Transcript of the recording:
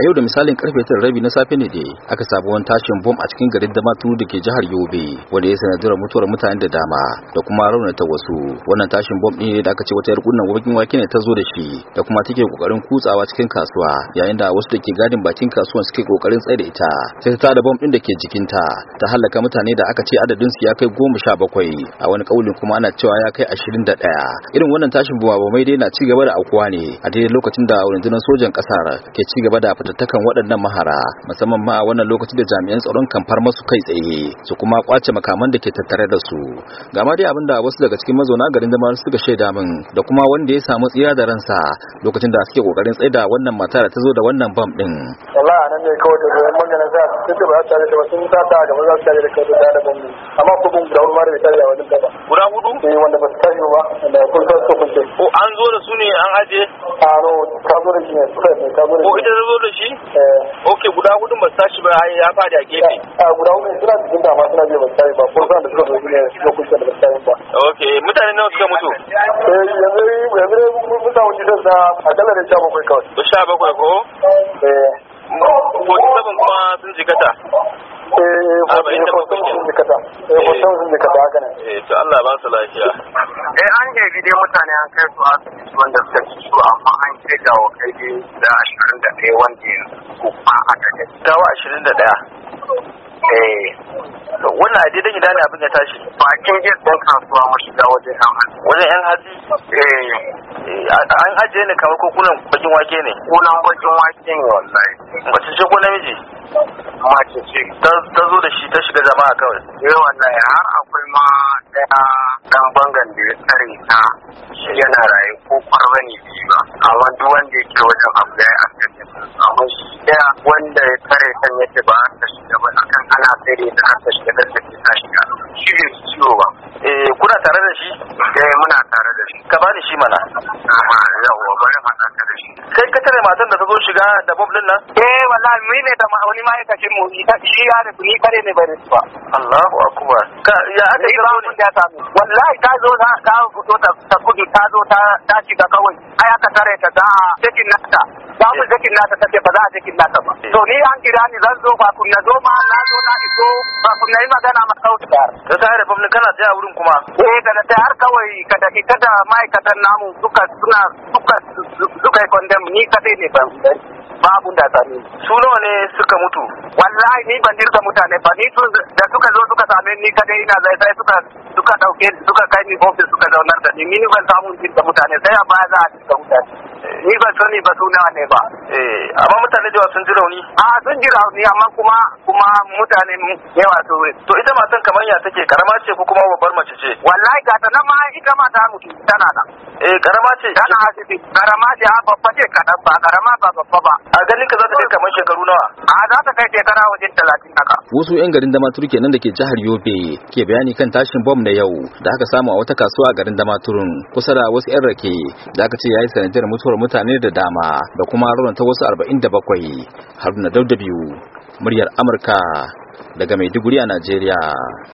a yau da misalin karfe tara rabi na safe ne da aka sabu wani tashin bom a cikin garin Damaturu da ke jihar Yobe wanda ya sanadura mutuwar mutane da dama da kuma raunata wasu wannan tashin bom ne da aka ce wata yar kunnan wakin wake ne ta zo da shi da kuma take kokarin kutsawa cikin kasuwa yayin da wasu da ke gadin bakin kasuwan suke kokarin tsaye da ita sai ta da bom din da ke jikinta ta halaka mutane da aka ce adadin su ya kai goma sha bakwai a wani kaulin kuma ana cewa ya kai ashirin da ɗaya irin wannan tashin bumabumai dai na ci gaba da aukuwa ne a daidai lokacin da rundunar sojan kasar ke ci gaba da fatattakan waɗannan mahara musamman ma a wannan lokacin da jami'an tsaron kan far masu kai tsaye su kuma kwace makaman da ke tattare da su ga ma dai abinda wasu daga cikin mazauna garin da su suka shaida min da kuma wanda ya samu tsira da ransa lokacin da suke kokarin tsaida wannan mata da ta zo da wannan bam din wallahi anan ne kawai da zan magana za su ba tare da wasu ta da za su tare da kai da bam amma kuma bun da umar da tare da wani guda hudu eh wanda ba su ba da kun san su kun ko an zo da su ne an aje a ka zo da shi ne suka ne ka zo da ko ita zo da shi eh okay guda hudu ba su tashi ba ya fadi a gefe a guda hudu suna cikin dama suna je ba su tashi ba ko san da suka ne suka kun da su tashi ba okay mutane nawa suka mutu eh yanzu yanzu mutane da a kala da kai kawai 17 ko eh 47 kuma sun jikata nan eh, ah, eh, eh. to Allah ba su lafiya eh an jefi dai mutane an kai su asibiti wanda suka ci su amma an ce da wa kai da 21 wanda yanzu kuma aka ga dawa 21 eh daidai gida ne abin ya tashi bakin gate ɗin kasuwa mashiga wajen yan hatsi wajen eh. yan eh an ajiye ne kamar ko kunan bakin wake ne kunan bakin wake ne wallahi mace ce ko namiji mace ce ta zo da shi ta shiga jama'a kawai eh wallahi har akwai ma daya dan bangan da ya tsare ta shi yana raye ko ne bi ba amma duk wanda yake wajen abu ya yi asali amma shi daya wanda ya tsare kan yake ba ta shiga ba akan ana tsare ta ta shiga da shi bai ciwo ba eh kuna tare da shi bob din nan eh wallahi mu ne da wani ma'aikacin mu shi ya da ni kare ne bare su ba Allahu akbar ka ya aka kira mun da ta wallahi ta zo ta ta fito ta kudu ta zo ta ta shiga kawai ai aka tare ta da cikin nata za mu cikin eh. nata take ba za a cikin nata ba eh. to ni an kira ni zan zo ba kun na zo ma na zo na iso ba kun na yi magana ma sauti da ka sai da bamnin kana tsaya wurin kuma eh kana tsaya har kawai ka kada ita da ma'aikatan namu duka suna duka sai kwandam ni kadai ne ban babu da sami su nawa ne suka mutu wallahi ni ban dirka mutane ba ni su da suka zo suka same ni kadai ina zai sai suka suka dauke suka kai ni office suka zaunar da ni ni ban samu dirka mutane sai a baya za a dirka mutane eh. ni ban sani ba suna ne ba eh amma mutane da sun ji rauni a sun ji rauni amma kuma kuma mutane yawa su to ita matan kamar ya take karama ce ko kuma babbar mace ce wallahi ga ta nan ma ita ma ta mutu tana nan eh karama ce tana asibiti karama ce babba ce kaɗan ba karama ba babba ba a ganin ka za ta kai kamar shekaru nawa a za ta kai shekara wajen talatin haka wasu yan garin damaturu kenan da ke jihar yobe ke bayani kan tashin bom na yau da aka samu a wata kasuwa a garin damaturun kusa da wasu yan rake da aka ce ya yi sanadiyar mutuwar mutane da dama da kuma ta wasu arba'in da bakwai haruna daudabiyu muryar amurka daga maiduguri a najeriya